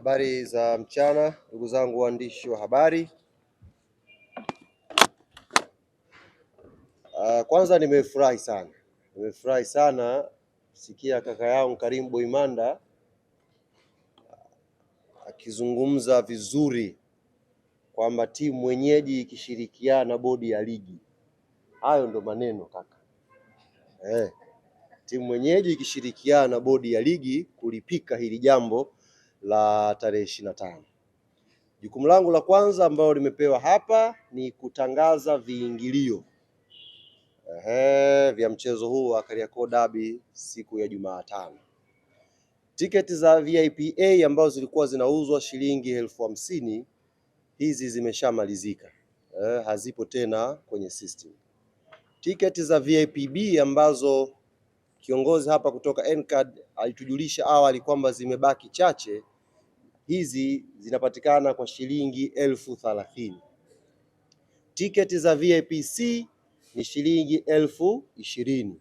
Habari za mchana, ndugu zangu waandishi wa habari. Uh, kwanza nimefurahi sana, nimefurahi sana sikia kaka yangu Karim Boimanda akizungumza vizuri kwamba timu mwenyeji ikishirikiana na bodi ya ligi. Hayo ndo maneno kaka eh, timu mwenyeji ikishirikiana na bodi ya ligi kulipika hili jambo la tarehe ishirini na tano. Jukumu langu la kwanza ambalo limepewa hapa ni kutangaza viingilio ehe, vya mchezo huu wa Kariakoo Derby siku ya Jumatano. Tiketi za VIP A ambazo zilikuwa zinauzwa shilingi elfu hamsini hizi zimeshamalizika, eh, hazipo tena kwenye system. Tiketi za VIP B ambazo kiongozi hapa kutoka Ncard alitujulisha awali kwamba zimebaki chache hizi zinapatikana kwa shilingi elfu thalathini. Tiketi za VIPC ni shilingi elfu ishirini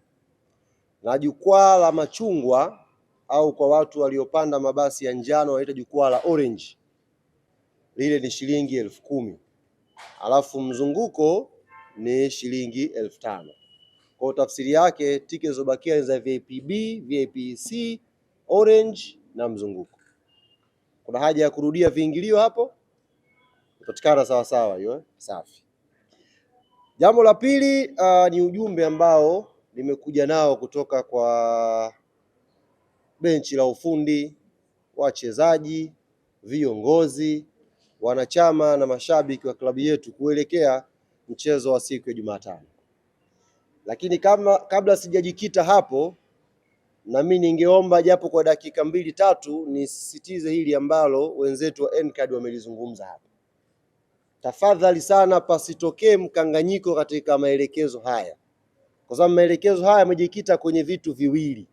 na jukwaa la machungwa au kwa watu waliopanda mabasi ya njano wanaita jukwaa la orange, lile ni shilingi elfu kumi alafu mzunguko ni shilingi elfu tano Kwa tafsiri yake tiketi zilizobakia ni za VIP B, VIP C, orange na mzunguko. Kuna haja ya kurudia viingilio hapo? Utatikana sawa sawa hiyo eh? Safi. Jambo la pili uh, ni ujumbe ambao nimekuja nao kutoka kwa benchi la ufundi, wachezaji, viongozi, wanachama na mashabiki wa klabu yetu kuelekea mchezo wa siku ya Jumatano. Lakini kama kabla sijajikita hapo na mimi ningeomba japo kwa dakika mbili tatu nisisitize hili ambalo wenzetu wa NCAD wamelizungumza hapa. Tafadhali sana, pasitokee mkanganyiko katika maelekezo haya, kwa sababu maelekezo haya yamejikita kwenye vitu viwili,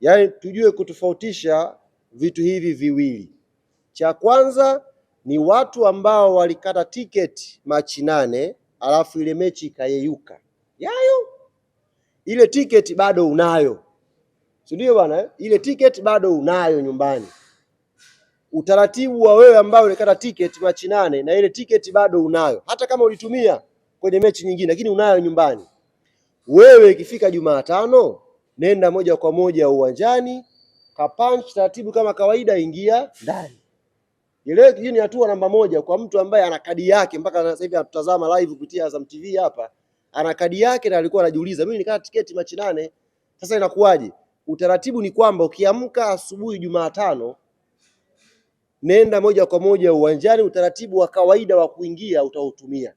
yaani tujue kutofautisha vitu hivi viwili. Cha kwanza ni watu ambao walikata tiketi Machi nane alafu ile mechi ikayeyuka, yayo ile tiketi bado unayo si ndio bwana? Eh? Ile tiketi bado unayo nyumbani. Utaratibu wa wewe ambao ulikata tiketi Machi nane na ile tiketi bado unayo, hata kama ulitumia kwenye mechi nyingine, lakini unayo nyumbani. Wewe ikifika Jumatano, nenda moja kwa moja uwanjani, kapunch taratibu kama kawaida, ingia ndani. Ile hiyo ni hatua namba moja kwa mtu ambaye ana kadi yake. Mpaka sasa hivi atutazama live kupitia Azam TV hapa, ana kadi yake na alikuwa anajiuliza, mimi nikata tiketi Machi nane, sasa inakuwaje? Utaratibu ni kwamba ukiamka asubuhi Jumatano, nenda moja kwa moja uwanjani. Utaratibu wa kawaida wa kuingia utautumia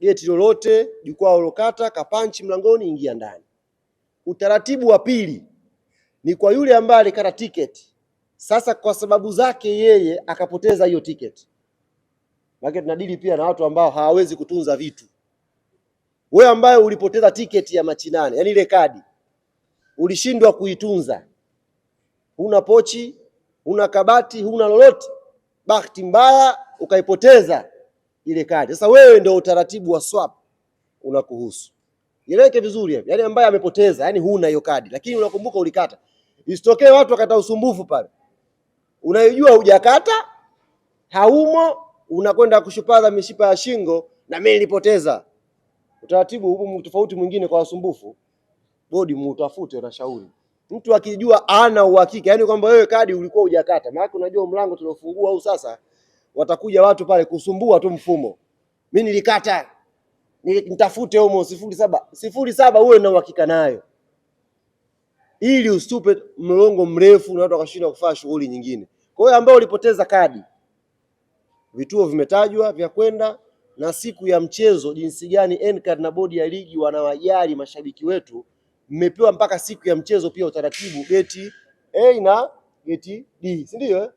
geti lolote, jukwaa ulokata, kapanchi mlangoni, ingia ndani. Utaratibu wa pili ni kwa yule ambaye alikata tiketi, sasa kwa sababu zake yeye akapoteza hiyo tiketi, maana tunadili pia na watu ambao hawawezi kutunza vitu. Wewe ambaye ulipoteza tiketi ya machinane, yani ile kadi ulishindwa kuitunza, huna pochi, huna kabati, huna lolote, bahati mbaya ukaipoteza ile kadi. Sasa wewe ndio utaratibu wa swap unakuhusu. Ieleweke vizuri yani ambaye amepoteza, yani huna hiyo kadi, lakini unakumbuka ulikata. Isitokee watu wakata usumbufu pale, unaijua hujakata, haumo, unakwenda kushupaza mishipa ya shingo na mimi nilipoteza. Utaratibu huu tofauti mwingine kwa wasumbufu bodi na shauri. Mtu akijua ana uhakika yani kwamba wewe kadi ulikuwa hujakata, maana unajua mlango tuliofungua au sasa watakuja watu pale kusumbua tu mfumo. Mimi nilikata. Nitafute homo sifuri saba sifuri saba, uwe na uhakika nayo ili usitupe mlongo mrefu na watu wakashindwa kufanya shughuli nyingine. Kwa hiyo ambao ulipoteza kadi, vituo vimetajwa vya kwenda na siku ya mchezo, jinsi gani NCAD na bodi ya ligi wanawajali mashabiki wetu mmepewa mpaka siku ya mchezo pia utaratibu geti A na geti D, si ndio? Eh?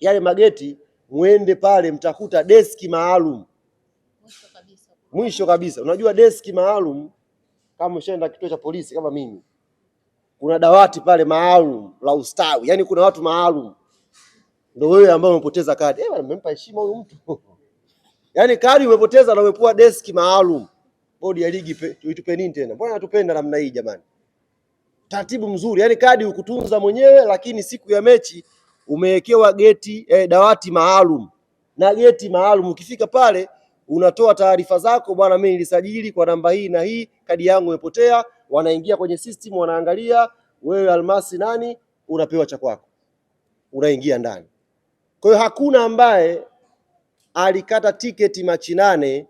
Yale mageti muende pale, mtakuta deski maalum mwisho kabisa. Mwisho kabisa, unajua deski maalum kama ushaenda kituo cha polisi kama mimi, kuna dawati pale maalum la ustawi, yaani kuna watu maalum. Ndio wewe ambao umepoteza kadi, eh, amempa heshima huyu mtu yaani kadi umepoteza na umepua deski maalum bodi ya ligi tuitupe nini tena? Mbona natupenda namna hii jamani? Taratibu mzuri, yani kadi ukutunza mwenyewe, lakini siku ya mechi umewekewa geti eh, dawati maalum na geti maalum. Ukifika pale unatoa taarifa zako, bwana, mimi nilisajili kwa namba hii na hii, kadi yangu imepotea. Wanaingia kwenye system, wanaangalia wewe Almasi nani, unapewa cha kwako, unaingia ndani. Kwa hiyo hakuna ambaye alikata tiketi machi nane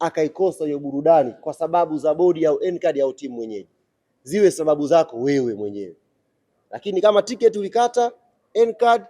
akaikosa hiyo burudani kwa sababu za bodi au Ncard au timu mwenyeji, ziwe sababu zako wewe mwenyewe. Lakini kama tiketi ulikata, Ncard,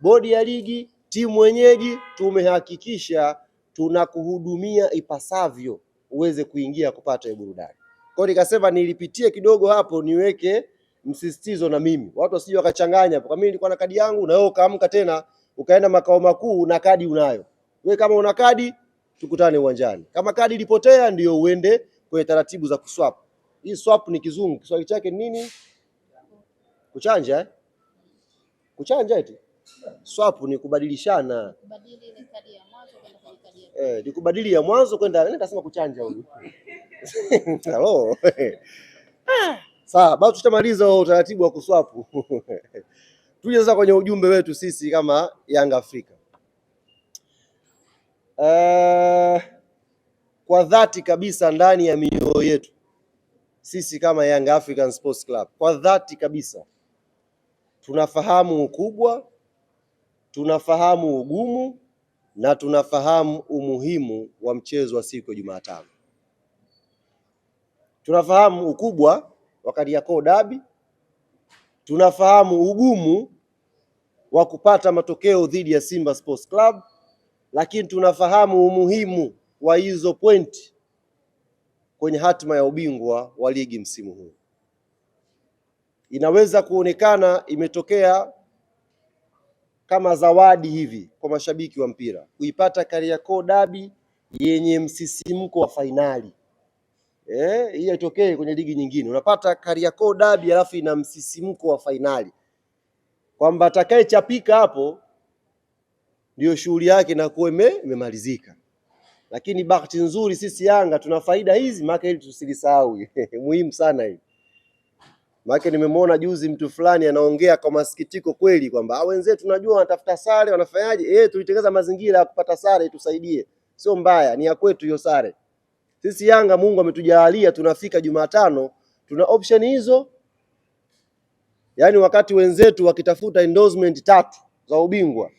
bodi ya ligi, timu mwenyeji, tumehakikisha tunakuhudumia ipasavyo uweze kuingia kupata hiyo burudani. Kwa hiyo nikasema nilipitie kidogo hapo niweke msisitizo na mimi, watu wasije wakachanganya. Kwa mimi nilikuwa na kadi yangu, na wewe ukaamka tena ukaenda makao makuu na kadi unayo wewe, kama una kadi tukutane uwanjani. Kama kadi ilipotea, ndio uende kwenye taratibu za kuswap. Hii swap ni kizungu, Kiswahili chake ni nini? Kuchanja eh? Kuchanja eti swap ni kubadilishana, eh, ni kubadili ya mwanzo kwenda nenda, nasema kuchanja huyu hello Sawa, bado tutamaliza utaratibu wa kuswapu. Tuje sasa kwenye ujumbe wetu sisi kama Yanga Afrika uh, kwa dhati kabisa ndani ya mioyo yetu sisi kama Young African Sports Club, kwa dhati kabisa tunafahamu ukubwa, tunafahamu ugumu na tunafahamu umuhimu wa mchezo wa siku ya Jumatano. Tunafahamu ukubwa wa Kariakoo Dabi, tunafahamu ugumu wa kupata matokeo dhidi ya Simba Sports Club lakini tunafahamu umuhimu wa hizo pointi kwenye hatima ya ubingwa wa ligi msimu huu. Inaweza kuonekana imetokea kama zawadi hivi kwa mashabiki wa mpira kuipata Kariakoo dabi yenye msisimko wa fainali. Eh, hii haitokei kwenye ligi nyingine. Unapata Kariakoo dabi alafu ina msisimko wa fainali, kwamba atakayechapika hapo ndiyo shughuli yake inakuwa imemalizika. Lakini bahati nzuri sisi Yanga tuna faida hizi, maana ili tusilisahau muhimu sana hii. Maana nimemwona juzi mtu fulani anaongea kwa masikitiko kweli kwamba ah, wenzetu tunajua wanatafuta sare wanafanyaje, eh, tulitengeza mazingira ya kupata sare, tusaidie. Sio mbaya, ni ya kwetu hiyo sare. Sisi Yanga Mungu ametujalia tunafika Jumatano tuna option hizo, yaani wakati wenzetu wakitafuta endorsement tatu za ubingwa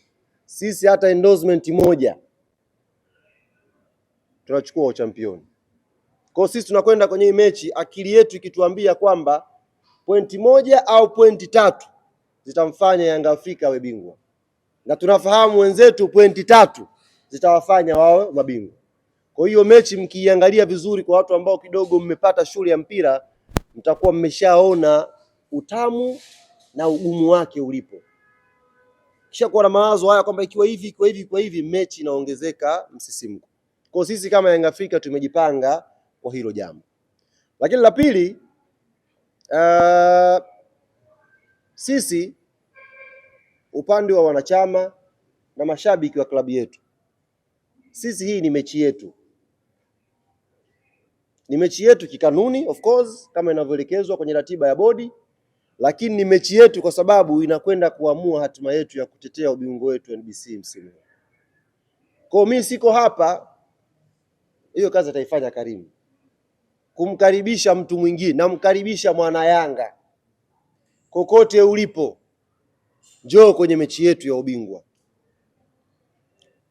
sisi hata endorsement moja tunachukua uchampioni. Kwa hiyo sisi tunakwenda kwenye hii mechi akili yetu ikituambia kwamba pointi moja au pointi tatu zitamfanya Yanga Afrika awe bingwa, na tunafahamu wenzetu pointi tatu zitawafanya wawe mabingwa. Kwa hiyo mechi mkiiangalia vizuri, kwa watu ambao kidogo mmepata shule ya mpira, mtakuwa mmeshaona utamu na ugumu wake ulipo kuwa na mawazo haya kwamba ikiwa hivi ikiwa hivi ikiwa hivi, mechi inaongezeka msisimko. Kwa sisi kama Yanga Afrika tumejipanga kwa hilo jambo, lakini la pili uh, sisi upande wa wanachama na mashabiki wa klabu yetu, sisi hii ni mechi yetu, ni mechi yetu kikanuni, of course, kama inavyoelekezwa kwenye ratiba ya bodi lakini ni mechi yetu kwa sababu inakwenda kuamua hatima yetu ya kutetea ubingwa wetu NBC msimu huu. Kwa mimi siko hapa, hiyo kazi ataifanya Karimu, kumkaribisha mtu mwingine. Namkaribisha mwana Yanga kokote ulipo, njoo kwenye mechi yetu ya ubingwa.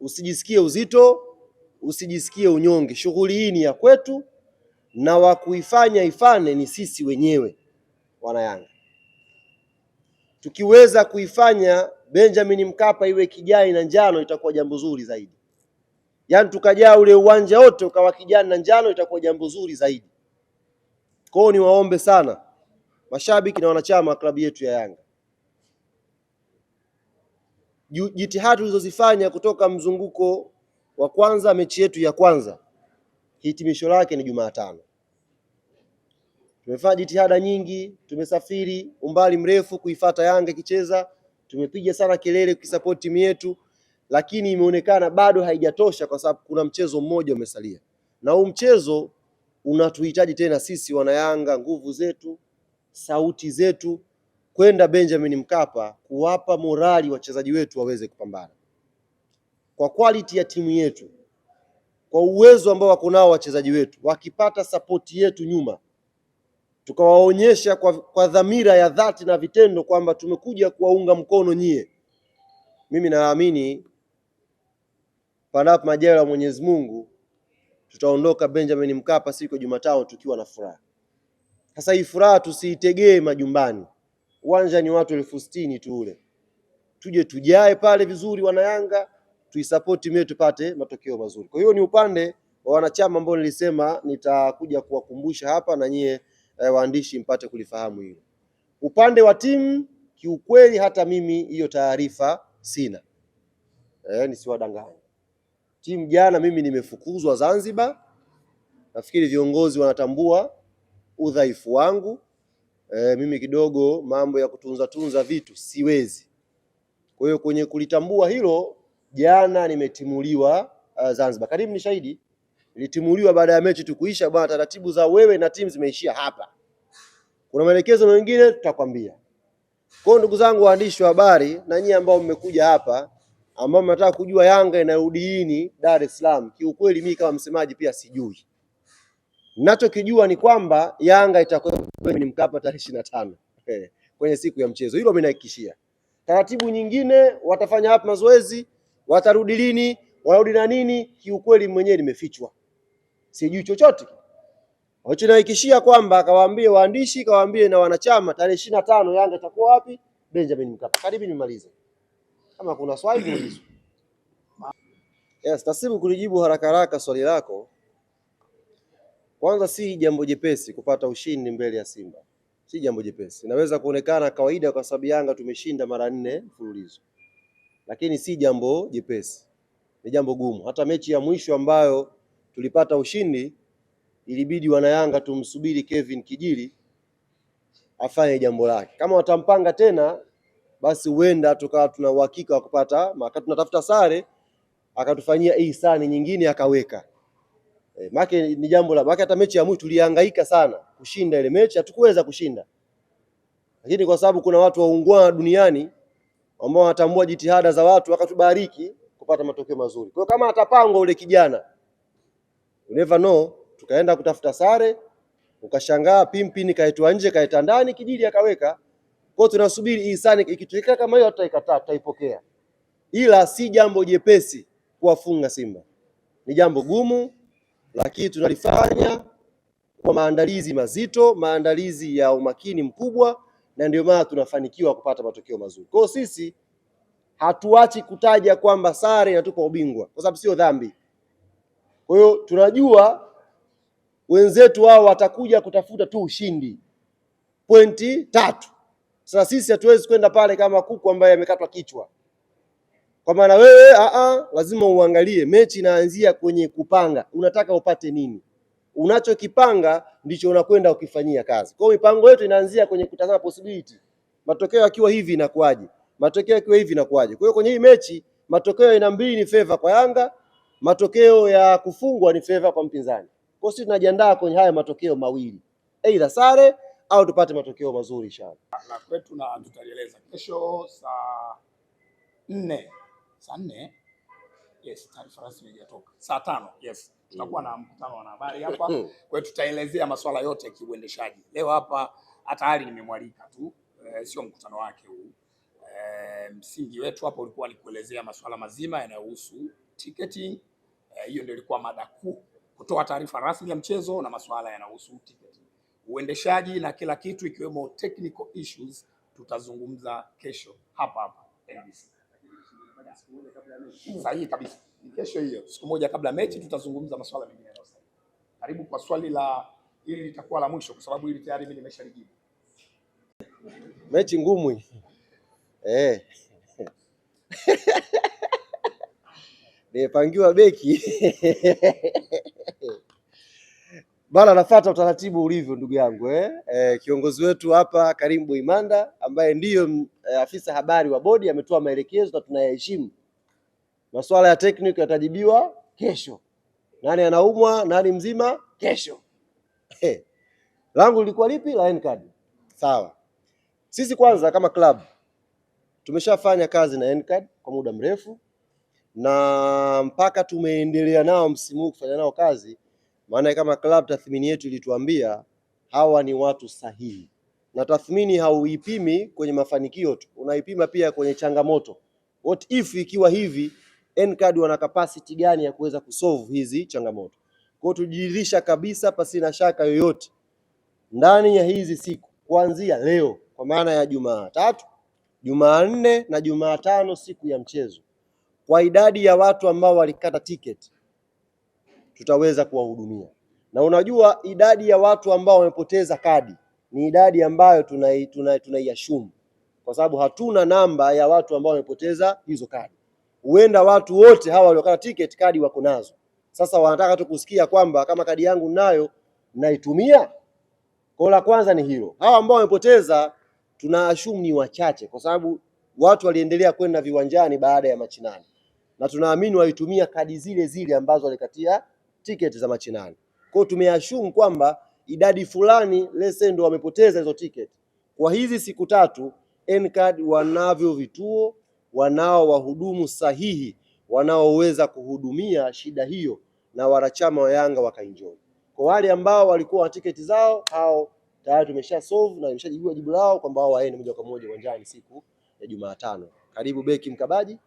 Usijisikie uzito, usijisikie unyonge. Shughuli hii ni ya kwetu, na wa kuifanya ifane ni sisi wenyewe wana Yanga tukiweza kuifanya Benjamin Mkapa iwe kijani na njano itakuwa jambo zuri zaidi. Yaani tukajaa ule uwanja wote ukawa kijani na njano itakuwa jambo zuri zaidi. Kwa hiyo niwaombe sana mashabiki na wanachama wa klabu yetu ya Yanga, jitihada tulizozifanya kutoka mzunguko wa kwanza, mechi yetu ya kwanza, hitimisho lake ni Jumatano. Tumefanya jitihada nyingi, tumesafiri umbali mrefu kuifata Yanga ikicheza, tumepiga sana kelele kuisapoti timu yetu, lakini imeonekana bado haijatosha, kwa sababu kuna mchezo mmoja umesalia, na huu mchezo unatuhitaji tena sisi wanayanga, nguvu zetu, sauti zetu, kwenda Benjamin Mkapa kuwapa morali wachezaji wetu waweze kupambana kwa quality ya timu yetu, kwa uwezo ambao wako nao wachezaji wetu, wakipata sapoti yetu nyuma tukawaonyesha kwa, kwa dhamira ya dhati na vitendo kwamba tumekuja kuwaunga mkono nyie. Mimi naamini panapo majaliwa ya Mwenyezi Mungu tutaondoka Benjamin Mkapa siku ya Jumatano tukiwa na furaha. Sasa hii furaha tusiitegee majumbani, uwanja ni watu elfu sitini tu ule, tuje tujae pale vizuri, wanayanga tuisupport mie tupate matokeo mazuri. Kwa hiyo ni upande wa wanachama ambao nilisema nitakuja kuwakumbusha hapa na nyie eh, waandishi mpate kulifahamu hilo. Upande wa timu kiukweli, hata mimi hiyo taarifa sina eh, nisiwadanganye. Timu jana mimi nimefukuzwa Zanzibar, nafikiri viongozi wanatambua udhaifu wangu. E, mimi kidogo mambo ya kutunza tunza vitu siwezi. Kwa hiyo kwenye kulitambua hilo, jana nimetimuliwa uh, Zanzibar. Karibu ni shahidi ilitimuliwa baada ya mechi tu kuisha, bwana, taratibu za wewe na timu zimeishia hapa, kuna maelekezo mengine tutakwambia. Kwa hiyo ndugu zangu waandishi wa habari na nyinyi ambao mmekuja hapa ambao mnataka kujua Yanga inarudi lini Dar es Salaam, kiukweli mimi kama msemaji pia sijui. Nachokijua ni kwamba Yanga itakuwa kwenye Mkapa tarehe ishirini na tano eh, kwenye siku ya mchezo, hilo amenihakikishia. Taratibu nyingine watafanya hapa mazoezi, watarudi lini, warudi na nini, kiukweli mwenyewe nimefichwa sijui chochote. Wachinaikishia kwamba kawaambie waandishi, kawaambie na wanachama, tarehe ishirini na tano Yanga itakuwa wapi? Benjamin Mkapa. Karibu nimalize, kama kuna swali muulize. Yes, Tasibu, kulijibu haraka haraka swali lako, kwanza si jambo jepesi kupata ushindi mbele ya Simba, si jambo jepesi. Inaweza kuonekana kawaida kwa sababu Yanga tumeshinda mara nne mfululizo, lakini si jambo jepesi, ni jambo gumu. Hata mechi ya mwisho ambayo tulipata ushindi, ilibidi wanayanga tumsubiri Kevin Kijili afanye jambo lake. Kama watampanga tena, basi huenda tukawa tuna uhakika wa kupata maka, tunatafuta sare akatufanyia hii sare nyingine akaweka e, make ni jambo la make. Hata mechi ya mwisho tulihangaika sana kushinda ile mechi, hatukuweza kushinda, lakini kwa sababu kuna watu waungwana duniani ambao wanatambua jitihada za watu, wakatubariki kupata matokeo mazuri. Kwa hiyo kama atapangwa ule kijana you never know, tukaenda kutafuta sare, ukashangaa pimpini kaitwa nje kaita ndani, kijili akaweka. Kwa tunasubiri hii sare ikitokea kama hiyo, tutaikataa tutaipokea, ila si jambo jepesi kuwafunga Simba, ni jambo gumu, lakini tunalifanya kwa maandalizi mazito, maandalizi ya umakini mkubwa, na ndio maana tunafanikiwa kupata matokeo mazuri. Kwa hiyo sisi hatuachi kutaja kwamba sare inatupa ubingwa, kwa sababu sio dhambi. Kwa hiyo tunajua wenzetu wao watakuja kutafuta tu ushindi, pointi tatu. Sasa sisi hatuwezi kwenda pale kama kuku ambaye amekatwa kichwa, kwa maana wewe a, lazima uangalie mechi inaanzia kwenye kupanga, unataka upate nini? Unachokipanga ndicho unakwenda ukifanyia kazi. Kwa hiyo mipango yetu inaanzia kwenye kutazama possibility, matokeo yakiwa hivi inakuaje? Matokeo yakiwa hivi inakuaje? Kwa hiyo kwenye hii mechi matokeo aina mbili ni favor kwa Yanga matokeo ya kufungwa ni favor kwa mpinzani. Kwa hiyo tunajiandaa kwenye haya matokeo mawili, aidha sare au tupate matokeo mazuri inshallah. Na kwetu na tutalieleza kesho saa nne saa nne yes, taarifa rasmi haijatoka. Saa tano yes, tutakuwa na mkutano wa habari hapa, kwa hiyo tutaelezea masuala yote ya kiuendeshaji. Leo hapa hata hali nimemwalika tu e, sio mkutano wake huu. E, msingi wetu hapa ulikuwa ni kuelezea masuala mazima yanayohusu ticketing. Eh, hiyo ndio ilikuwa mada kuu, kutoa taarifa rasmi ya mchezo na masuala yanayohusu ticketing, uendeshaji na kila kitu ikiwemo technical issues tutazungumza kesho hapa hapa NBC. Sahihi kabisa, kesho hiyo, siku moja kabla mechi, tutazungumza masuala mengine. Karibu kwa swali la ili litakuwa la mwisho kwa sababu hili tayari mimi nimeshalijibu. Mechi ngumu eh nimepangiwa beki bana, nafata utaratibu ulivyo ndugu yangu eh? Eh, kiongozi wetu hapa Karim Boimanda ambaye ndiyo eh, afisa habari wa bodi ametoa maelekezo na tunayaheshimu. Masuala ya tekniki yatajibiwa kesho, nani anaumwa nani mzima kesho. Eh, langu lilikuwa lipi? La Ncard. Sawa, sisi kwanza kama club tumeshafanya kazi na Ncard kwa muda mrefu na mpaka tumeendelea nao msimu huu kufanya nao kazi, maana kama club tathmini yetu ilituambia hawa ni watu sahihi, na tathmini hauipimi kwenye mafanikio tu, unaipima pia kwenye changamoto. What if ikiwa hivi, Ncard wana capacity gani ya kuweza kusolve hizi changamoto? Kwa tujiridhisha kabisa pasina shaka yoyote, ndani ya hizi siku kuanzia leo, kwa maana ya Jumatatu, Jumanne na Jumatano, siku ya mchezo kwa idadi ya watu ambao walikata tiketi tutaweza kuwahudumia, na unajua idadi ya watu ambao wamepoteza kadi ni idadi ambayo tunaiashumu, tuna, tuna kwa sababu hatuna namba ya watu ambao wamepoteza hizo kadi. Huenda watu wote hawa waliokata tiketi kadi wako nazo, sasa wanataka tu kusikia kwamba kama kadi yangu nayo naitumia. Kwa la kwanza ni hilo, hawa ambao wamepoteza tunaashumu ni wachache, kwa sababu watu waliendelea kwenda viwanjani baada ya machinani na tunaamini walitumia kadi zile zile ambazo walikatia tiketi za machinani. Kwa hiyo tumeashumu kwamba idadi fulani lese ndo wamepoteza hizo tiketi. Kwa hizi siku tatu Ncard wanavyo vituo, wanao wahudumu sahihi wanaoweza kuhudumia shida hiyo, na wanachama wa Yanga wakaenjoy. Kwa wale ambao walikuwa na tiketi zao, hao tayari tumesha solve na tumeshajua jibu lao kwamba wao waende moja kwa moja uwanjani siku ya Jumatano. Karibu beki mkabaji.